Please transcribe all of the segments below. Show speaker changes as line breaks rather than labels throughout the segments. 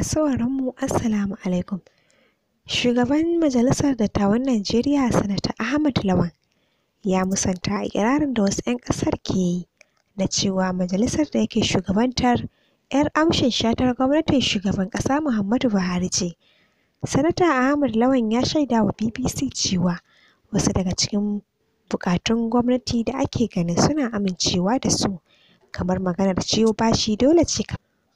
Masu mu Assalamu alaikum. Shugaban Majalisar Dattawan Najeriya Sanata Ahmad Lawan ya musanta a ƙirarin da wasu 'yan ƙasar ke yi na cewa majalisar da yake shugabantar 'yar amshin shatar gwamnatin shugaban ƙasa Muhammadu Buhari ce. Sanata Ahmad Lawan ya shaida wa BBC cewa wasu daga cikin bukatun gwamnati da ake ganin suna amincewa da su kamar maganar ciwo bashi dole ce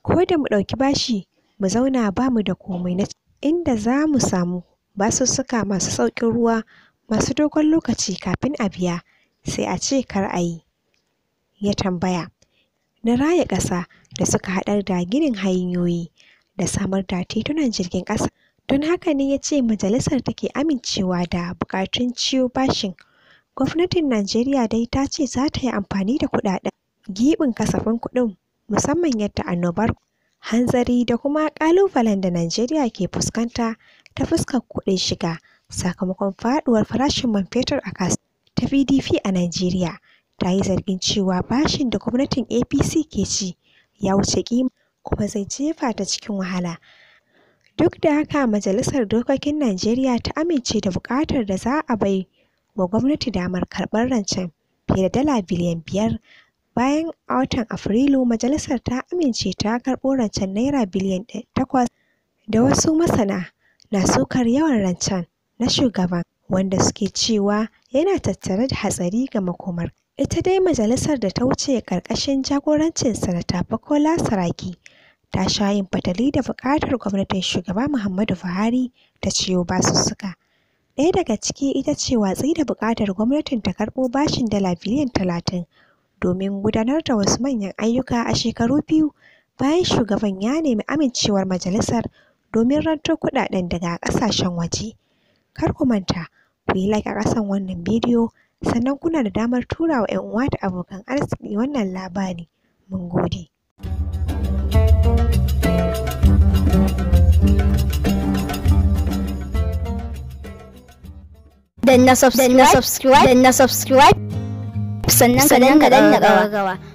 ko da mu ɗauki bashi mu zauna ba mu da komai na inda za mu samu basussuka masu sauƙin ruwa masu dogon lokaci kafin a biya sai a ce kar a yi, ya tambaya. Na raya ƙasa da suka haɗar da ginin hanyoyi da samar da titunan jirgin ƙasa. Don haka ne ya ce majalisar take amincewa da buƙatun ciwo bashin. Gwamnatin Najeriya dai ta ce za ta yi amfani da kuɗaɗen Giɓin kasafin kuɗin musamman yadda annobar hanzari da kuma ƙalubalen da Najeriya ke fuskanta ta fuskar kuɗin shiga sakamakon faɗuwar farashin man fetur a KAS ta PDP a Najeriya ta yi zargin cewa bashin da gwamnatin APC ke ci ya wuce kima kuma zai jefa ta cikin wahala. Duk da haka Majalisar Dokokin Najeriya ta amince da buƙatar da za a bai wa gwamnati damar karɓar rancen fiye da dala biliyan biyar Bayan a watan Afrilu majalisar ta amince ta karɓo rancen Naira biliyan takwas da wasu masana na sukar yawan rancen na shugaban, wanda suke cewa yana tattare da hatsari ga makomar. Ita dai majalisar da ta wuce ƙarƙashin jagorancin Sanata Bukola Saraki ta sha yin fatali da buƙatar gwamnatin Shugaba Muhammadu Buhari ta ciyo basussuka. Ɗaya daga ciki ita ce watsi da buƙatar gwamnatin ta karɓo bashin dala biliyan talatin domin gudanar da wasu manyan ayyuka a shekaru biyu bayan shugaban ya nemi amincewar majalisar domin ranto kuɗaɗen daga ƙasashen waje. Kar ku manta ku yi like a ƙasan wannan bidiyo sannan kuna da damar turawa wa 'yan uwa da abokan arziki wannan labari. Mun gode. Danna subscribe, subscribe, sannan ka danna gawa gawa